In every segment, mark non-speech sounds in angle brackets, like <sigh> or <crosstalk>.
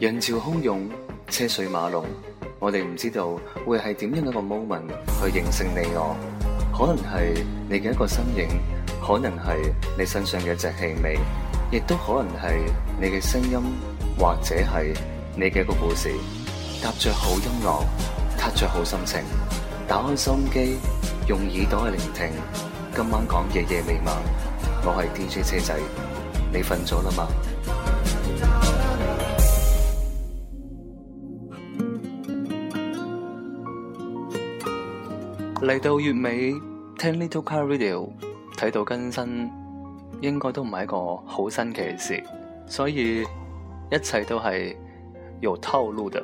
人潮洶湧，車水馬龍，我哋唔知道會係點樣一個 moment 去形成你我，可能係你嘅一個身影，可能係你身上嘅一隻氣味，亦都可能係你嘅聲音，或者係你嘅一個故事。搭着好音樂，揀着好心情，打開心機，用耳朵去聆聽。今晚講夜夜未晚，我係 DJ 車仔，你瞓咗啦嘛？嚟到月尾聽 Little Car Radio 睇到更新，應該都唔係一個好新奇嘅事，所以一切都係有套路嘅。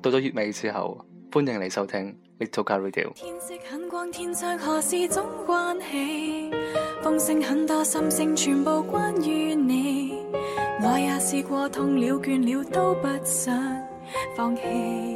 到咗月尾之後，歡迎你收聽 Little Car Radio。天色很光，天上何事？總關起風聲很多，心聲全部關於你。我也試過痛了、倦了，都不想放棄。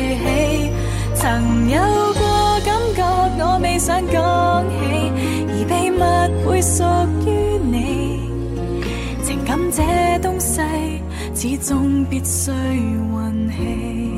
曾有過感覺我未想講起，而秘密會屬於你。情感這東西始終必須運氣。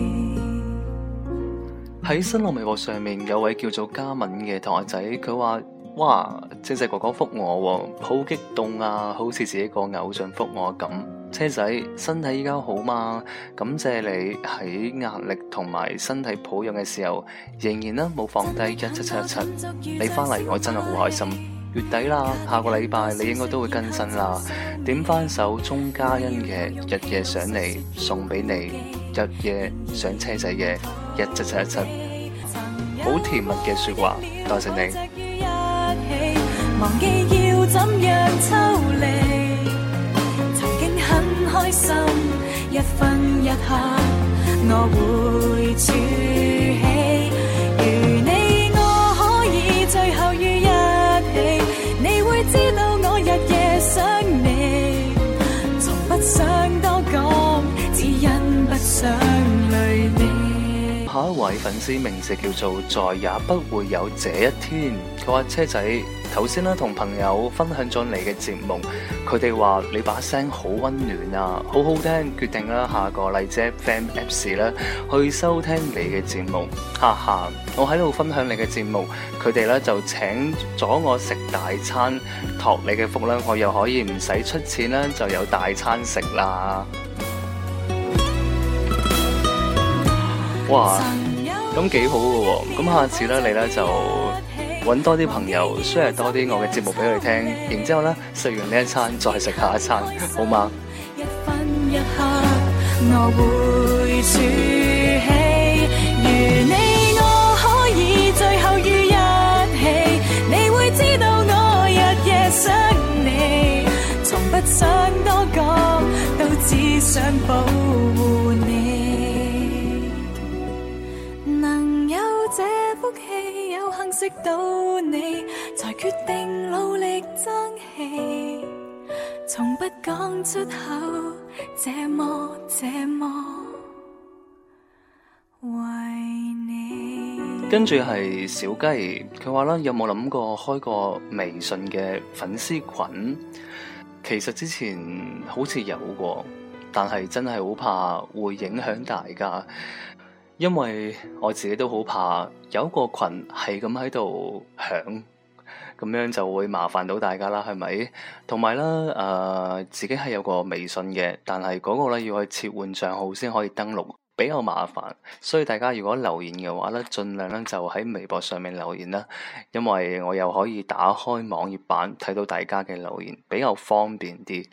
喺新浪微博上面有位叫做嘉敏嘅同學仔，佢話。哇！車仔哥哥覆我、哦，好激動啊，好似自己個偶像覆我咁。車仔身體依家好嗎？感謝你喺壓力同埋身體保養嘅時候，仍然呢冇放低一七七一七。你翻嚟，我真係好開心。月底啦，下個禮拜你應該都會更新啦。點翻首鍾嘉欣嘅《日夜想你》，送俾你日夜想車仔嘅一七七一七，好甜蜜嘅說話，多謝你。忘記要怎樣抽離，曾經很開心，一分一刻，我會追。粉絲名字叫做再也不會有這一天。佢話車仔頭先啦，同朋友分享咗你嘅節目，佢哋話你把聲好溫暖啊，好好聽。決定啦，下個麗姐 FM Apps 咧去收聽你嘅節目。哈哈，我喺度分享你嘅節目，佢哋咧就請咗我食大餐，托你嘅福咧，我又可以唔使出錢啦，就有大餐食啦。 <music> 哇！咁幾好嘅喎，啊，咁下次咧你咧就揾多啲朋友，share 多啲我嘅節目俾佢聽，然之後咧食完呢一餐再食下一餐，好嗎？一分一刻我會儲起，如你我可以最後於一起，你會知道我日夜想你，從不想多講，都只想保護你。到你，你才決定努力爭氣，從不講出口。跟住係小雞，佢話啦，有冇諗過開個微信嘅粉絲群？其實之前好似有過，但係真係好怕會影響大家。因為我自己都好怕有一個群係咁喺度響，咁樣就會麻煩到大家啦，係咪？同埋咧，誒自己係有個微信嘅，但係嗰個咧要去切換帳號先可以登錄，比較麻煩。所以大家如果留言嘅話咧，盡量咧就喺微博上面留言啦，因為我又可以打開網頁版睇到大家嘅留言，比較方便啲。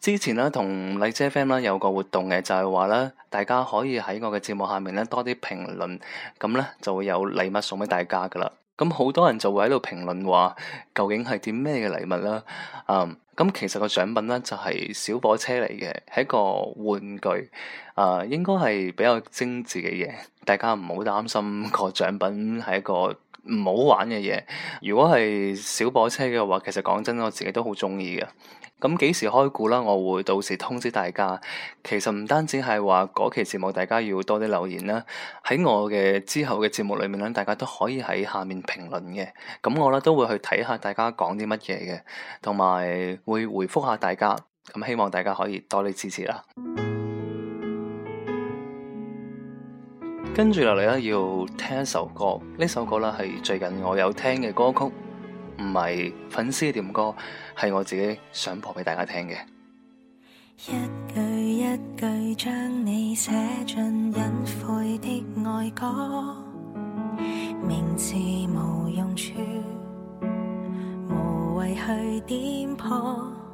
之前咧同麗姐 friend 咧有個活動嘅，就係話咧大家可以喺我嘅節目下面咧多啲評論，咁咧就會有禮物送俾大家噶啦。咁、嗯、好多人就會喺度評論話，究竟係點咩嘅禮物啦？嗯，咁、嗯、其實個獎品咧就係、是、小火車嚟嘅，係一個玩具，啊、嗯、應該係比較精緻嘅嘢。大家唔好擔心個獎品係一個唔好玩嘅嘢。如果係小火車嘅話，其實講真，我自己都好中意嘅。咁幾時開估啦？我會到時通知大家。其實唔單止係話嗰期節目，大家要多啲留言啦。喺我嘅之後嘅節目裏面咧，大家都可以喺下面評論嘅。咁我咧都會去睇下大家講啲乜嘢嘅，同埋會回復下大家。咁希望大家可以多啲支持啦。跟住落嚟咧， <music> 要聽一首歌。呢首歌咧係最近我有聽嘅歌曲。唔係粉絲點歌，係我自己想播畀大家聽嘅。一句一句將你寫進隱晦的愛歌，名字無用處，無謂去點破。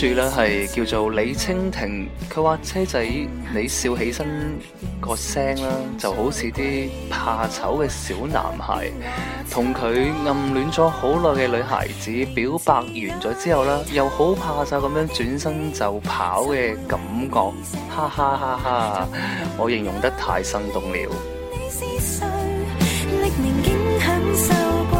住啦，係叫做李蜻蜓。佢話車仔你笑起身個聲啦，就好似啲怕醜嘅小男孩，同佢暗戀咗好耐嘅女孩子表白完咗之後啦，又好怕晒咁樣轉身就跑嘅感覺，哈哈哈哈！我形容得太生動了。 <music>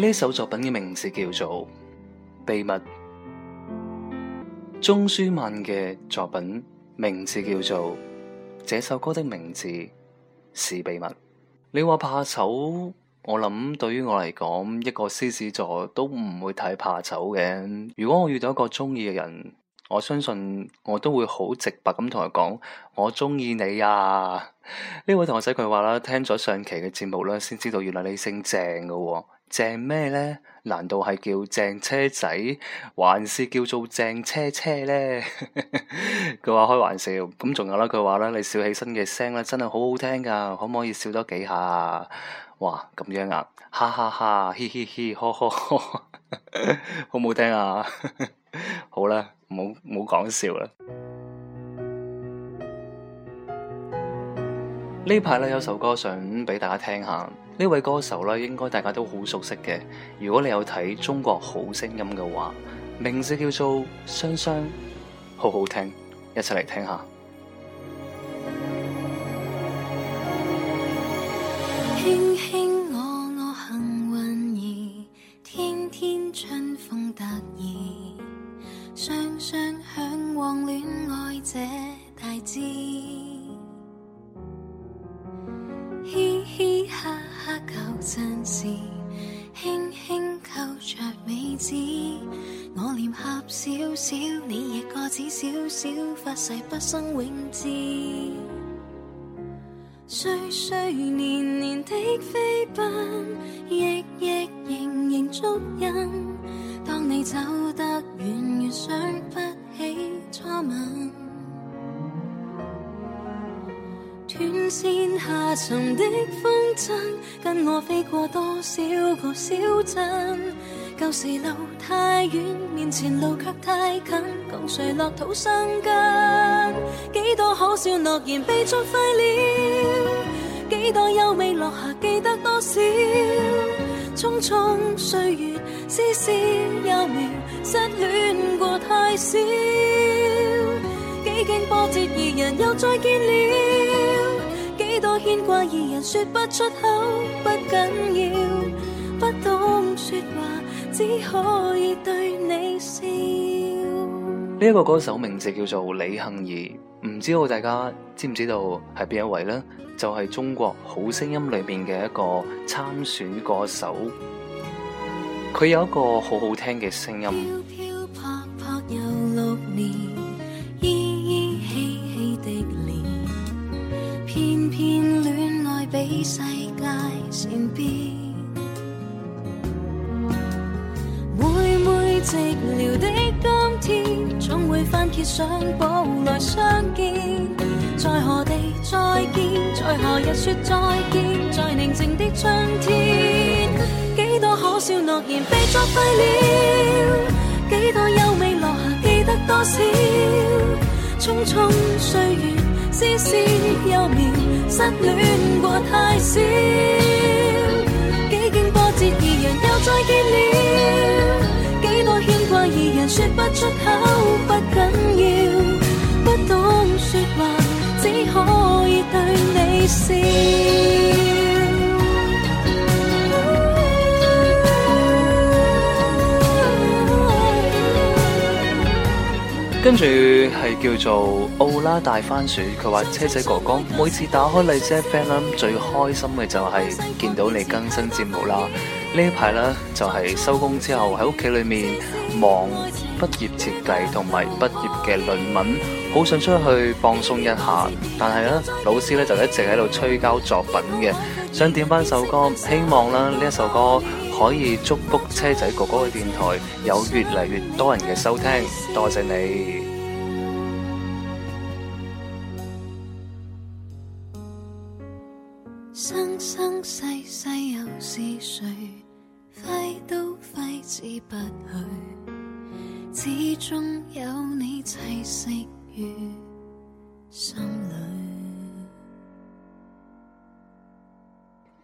呢首作品嘅名字叫做《秘密》，鍾舒漫嘅作品名字叫做《這首歌的名字是秘密》。你話怕醜，我諗對於我嚟講，一個獅子座都唔會太怕醜嘅。如果我遇到一個中意嘅人，我相信我都會好直白咁同佢講：我中意你啊！呢 <laughs> 位同學仔佢話啦，聽咗上期嘅節目啦，先知道原來你姓鄭噶、哦。正咩呢？難道係叫正車仔，還是叫做正車車呢？佢 <laughs> 話開玩笑，咁仲有啦，佢話咧，你笑起身嘅聲咧，真係好好聽噶，可唔可以笑多幾下啊？哇，咁樣啊，哈哈哈，嘻嘻嘻，呵呵呵，好唔好聽啊？ <laughs> 好啦，唔好唔好講笑啦。呢排咧有首歌想俾大家聽下，呢位歌手咧應該大家都好熟悉嘅。如果你有睇《中國好聲音》嘅話，名字叫做雙雙，好好聽，一齊嚟聽下。慶慶生永誌，歲歲年年的飛奔，役役營營足印。當你走得遠，越想不起初吻。斷線下沉的風箏，跟我飛過多少個小鎮。舊時路太遠，面前路卻太近，共誰落土生根？幾多可笑諾言被作廢了，幾多優美落霞記得多少？匆匆歲月，絲絲幼苗失戀過太少。幾經波折，二人又再見了，幾多牽掛，二人説不出口，不緊要，不懂説話。只可以對你笑。呢一個歌手名字叫做李幸倪，唔知道大家知唔知道係邊一位呢？就係中國好聲音裏面嘅一個參選歌手，佢有一個好好聽嘅聲音。寂寥的今天，總會翻揭上簿來相見。在何地再見？在何日說再見？在寧靜的春天，幾多可笑諾言被作廢了，幾多優美落霞記得多少？匆匆歲月，絲絲幽綿，失戀過太少，幾經波折，二人又再見了。跟住係叫做奧拉大番薯。佢話，車仔哥哥每次打開荔枝 FM，最開心嘅就係見到你更新節目啦。呢一排呢，就係收工之後喺屋企裏面忙畢業設計同埋畢業嘅論文，好想出去放鬆一下，但係呢，老師呢，就一直喺度催交作品嘅，想點翻首歌，希望咧呢一首歌可以祝福車仔哥哥嘅電台有越嚟越多人嘅收聽，多謝你。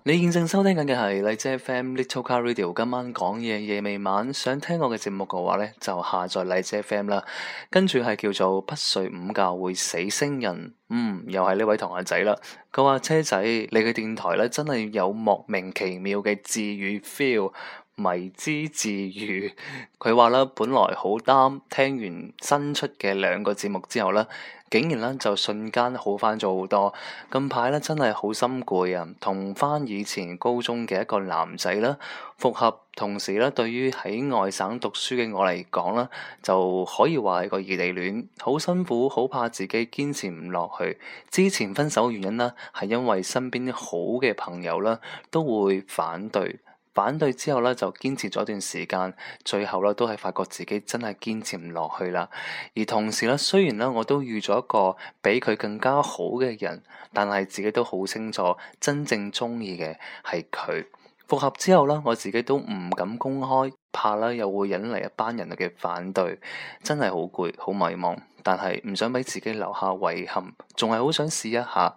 你現正收聽緊嘅係荔枝 FM Little Car Radio，今晚講嘢夜未晚，想聽我嘅節目嘅話咧，就下載荔枝 FM 啦。跟住係叫做不睡午覺會死星人，嗯，又係呢位同學仔啦。佢話車仔，你嘅電台咧真係有莫名其妙嘅治癒 feel。迷之自愈，佢話咧本來好擔，聽完新出嘅兩個節目之後咧，竟然咧就瞬間好翻咗好多。近排咧真係好心攰啊，同翻以前高中嘅一個男仔啦，復合。同時咧，對於喺外省讀書嘅我嚟講啦，就可以話係個異地戀，好辛苦，好怕自己堅持唔落去。之前分手原因咧，係因為身邊啲好嘅朋友啦都會反對。反對之後咧，就堅持咗一段時間，最後咧都係發覺自己真係堅持唔落去啦。而同時咧，雖然咧我都遇咗一個比佢更加好嘅人，但係自己都好清楚真正中意嘅係佢。復合之後咧，我自己都唔敢公開，怕啦又會引嚟一班人嘅反對，真係好攰好迷茫。但係唔想俾自己留下遺憾，仲係好想試一下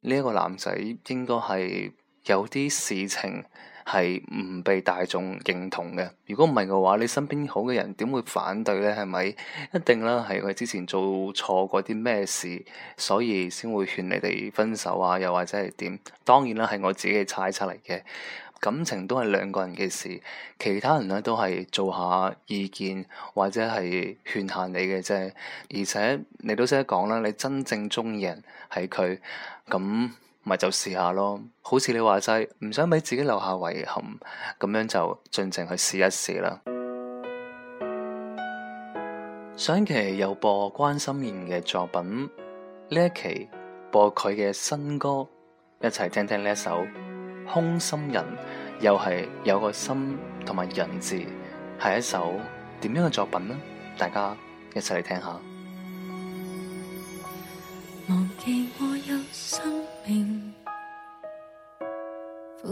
呢一個男仔應該係有啲事情係唔被大眾認同嘅。如果唔係嘅話，你身邊好嘅人點會反對咧？係咪？一定啦，係佢之前做錯過啲咩事，所以先會勸你哋分手啊，又或者係點？當然啦，係我自己嘅猜測嚟嘅。感情都係兩個人嘅事，其他人咧都係做下意見或者係勸下你嘅啫。而且你都識得講啦，你真正中意人係佢咁。咪就試下咯，好似你話齋，唔想俾自己留下遺憾，咁樣就盡情去試一試啦。 <music> 上一期有播關心妍嘅作品，呢一期播佢嘅新歌，一齊聽聽呢一首《空心人》，又係有個心同埋人字，係一首點樣嘅作品呢？大家一齊嚟聽聽下。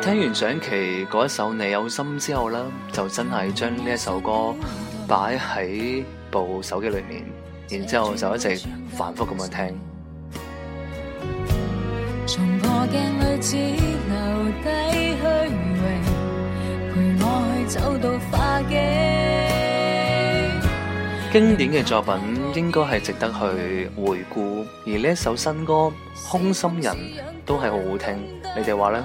聽完上期嗰一首《你有心》之後呢，就真係將呢一首歌擺喺部手機裏面，然之後就一直反復咁樣聽。 <music> 經典嘅作品應該係值得去回顧，而呢一首新歌《空心人》都係好好聽，你哋話呢？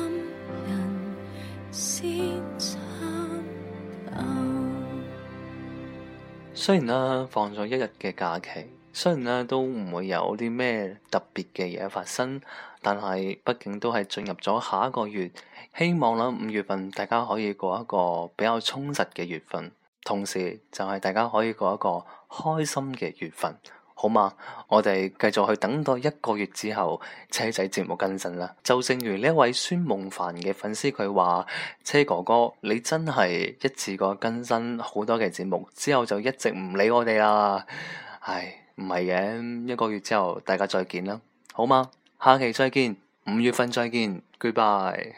雖然呢放咗一日嘅假期，雖然呢都唔會有啲咩特別嘅嘢發生，但係畢竟都係進入咗下一個月，希望啦，五月份大家可以過一個比較充實嘅月份，同時就係大家可以過一個開心嘅月份。好嘛，我哋繼續去等待一個月之後車仔節目更新啦。就正如呢位孫夢凡嘅粉絲佢話：車哥哥你真係一次過更新好多嘅節目之後就一直唔理我哋啦。唉，唔係嘅，一個月之後大家再見啦。好嘛，下期再見，五月份再見，Goodbye。